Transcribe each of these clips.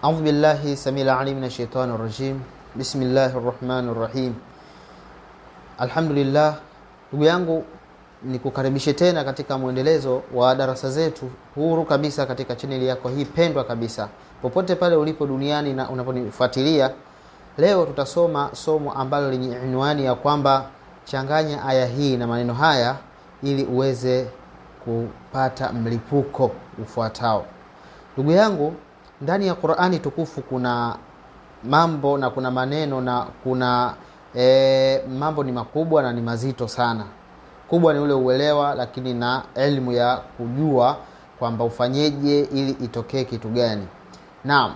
أعوذ بالله سميع العليم من الشيطان الرجيم بسم الله الرحمن الرحيم الحمد لله ndugu yangu nikukaribishe tena katika mwendelezo wa darasa zetu huru kabisa katika chaneli yako hii pendwa kabisa popote pale ulipo duniani na unaponifuatilia leo tutasoma somo ambalo lenye inwani ya kwamba changanya aya hii na maneno haya ili uweze kupata mlipuko ufuatao ndugu yangu ndani ya Qur'ani tukufu kuna mambo na kuna maneno na kuna e, mambo ni makubwa na ni mazito sana. Kubwa ni ule uelewa, lakini na elimu ya kujua kwamba ufanyeje ili itokee kitu gani. Naam,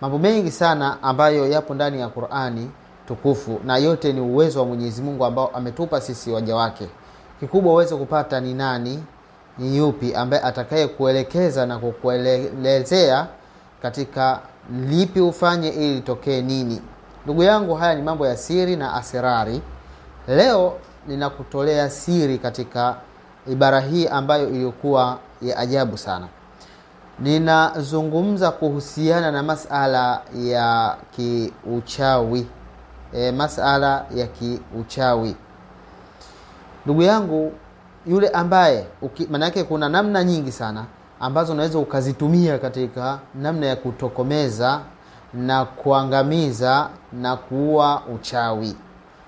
mambo mengi sana ambayo yapo ndani ya Qur'ani tukufu na yote ni uwezo wa Mwenyezi Mungu ambao ametupa sisi waja wake. Kikubwa uweze kupata ni nani, ni yupi ambaye atakaye kuelekeza na kukuelezea katika lipi ufanye ili litokee nini. Ndugu yangu, haya ni mambo ya siri na asirari. Leo ninakutolea siri katika ibara hii ambayo iliyokuwa ya ajabu sana. Ninazungumza kuhusiana na masala ya kiuchawi e, masala ya kiuchawi ndugu yangu, yule ambaye maanayake kuna namna nyingi sana ambazo unaweza ukazitumia katika namna ya kutokomeza na kuangamiza na kuua uchawi.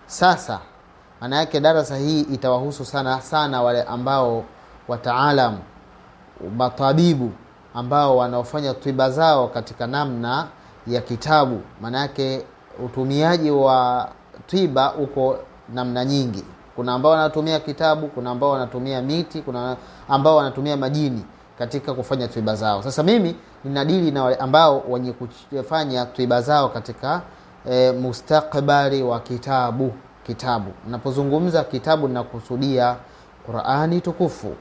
Sasa maana yake darasa hii itawahusu sana sana wale ambao wataalamu matabibu ambao wanaofanya tiba zao katika namna ya kitabu. Maana yake utumiaji wa tiba uko namna nyingi. Kuna ambao wanatumia kitabu, kuna ambao wanatumia miti, kuna ambao wanatumia majini katika kufanya twiba zao. Sasa mimi ninadili na wale ambao wenye kufanya twiba zao katika e, eh, mustakbali wa kitabu kitabu. Napozungumza kitabu, ninakusudia Qurani tukufu.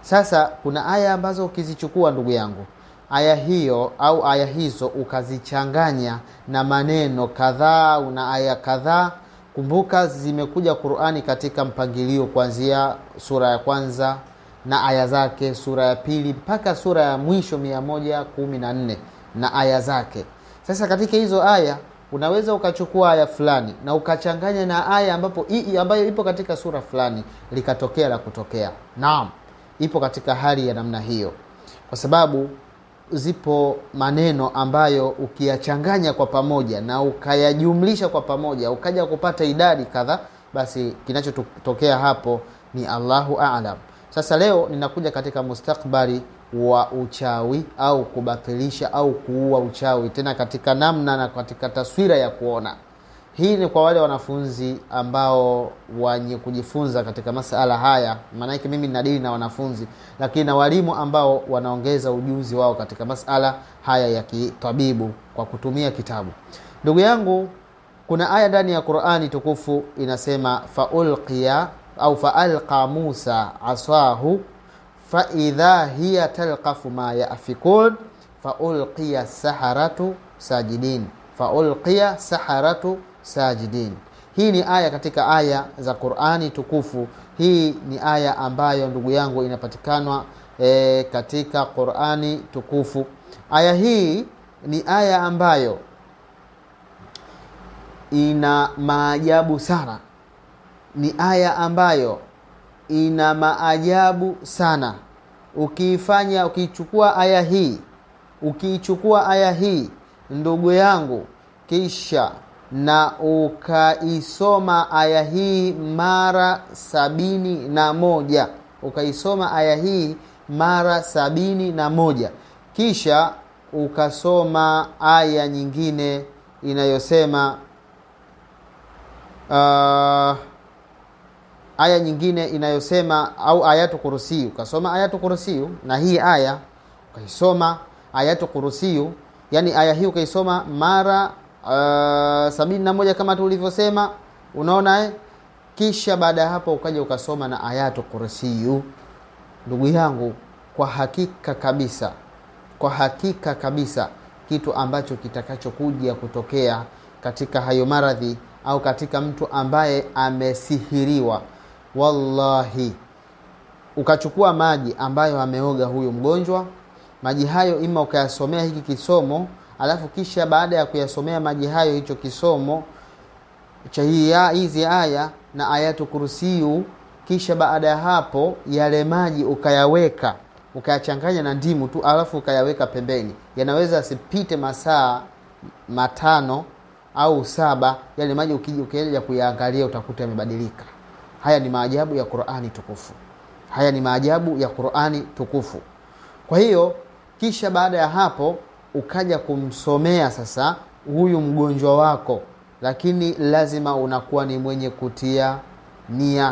Sasa kuna aya ambazo ukizichukua, ndugu yangu, aya hiyo au aya hizo ukazichanganya na maneno kadhaa una na aya kadhaa. Kumbuka zimekuja Qurani katika mpangilio kuanzia sura ya kwanza na aya zake, sura ya pili mpaka sura ya mwisho mia moja kumi na nne na aya zake. Sasa katika hizo aya unaweza ukachukua aya fulani na ukachanganya na aya ambapo ii ambayo ipo katika sura fulani likatokea la kutokea. Naam, ipo katika hali ya namna hiyo, kwa sababu zipo maneno ambayo ukiyachanganya kwa pamoja na ukayajumlisha kwa pamoja ukaja kupata idadi kadha, basi kinachotokea hapo ni Allahu aalam. Sasa leo ninakuja katika mustakbali wa uchawi au kubatilisha au kuua uchawi, tena katika namna na katika taswira ya kuona. Hii ni kwa wale wanafunzi ambao wenye kujifunza katika masala haya, maanake mimi ninadili na wanafunzi, lakini na walimu ambao wanaongeza ujuzi wao katika masala haya ya kitabibu kwa kutumia kitabu. Ndugu yangu, kuna aya ndani ya Qur'ani tukufu inasema faulqiya au faalqa Musa asahu faidha hiya talqafu ma yafikun faulqiya saharatu sajidin faulqiya saharatu sajidin. Hii ni aya katika aya za Qur'ani tukufu. Hii ni aya ambayo ndugu yangu inapatikanwa e, katika Qur'ani tukufu. Aya hii ni aya ambayo ina maajabu sana ni aya ambayo ina maajabu sana. Ukiifanya, ukiichukua aya hii, ukiichukua aya hii ndugu yangu, kisha na ukaisoma aya hii mara sabini na moja ukaisoma aya hii mara sabini na moja kisha ukasoma aya nyingine inayosema uh, aya nyingine inayosema au ayatu kursiyu, ukasoma ayatu kursiyu na hii aya ukaisoma ayatu kursiyu, yani aya hii ukaisoma mara uh, sabini na moja kama tulivyosema, unaona eh? Kisha baada ya hapo ukaja ukasoma na ayatu kursiyu. Ndugu yangu, kwa hakika kabisa, kwa hakika kabisa, kitu ambacho kitakachokuja kutokea katika hayo maradhi au katika mtu ambaye amesihiriwa wallahi, ukachukua maji ambayo ameoga huyo mgonjwa, maji hayo ima ukayasomea hiki kisomo, alafu kisha baada ya kuyasomea maji hayo hicho kisomo cha hizi aya na ayatu kursiu kisha baada ya hapo yale maji ukayaweka ukayachanganya na ndimu tu, alafu ukayaweka pembeni, yanaweza asipite masaa matano au saba, yale maji ukija ukienda kuyaangalia utakuta yamebadilika. Haya ni maajabu ya Qur'ani tukufu, haya ni maajabu ya Qur'ani tukufu. Kwa hiyo kisha baada ya hapo ukaja kumsomea sasa huyu mgonjwa wako, lakini lazima unakuwa ni mwenye kutia nia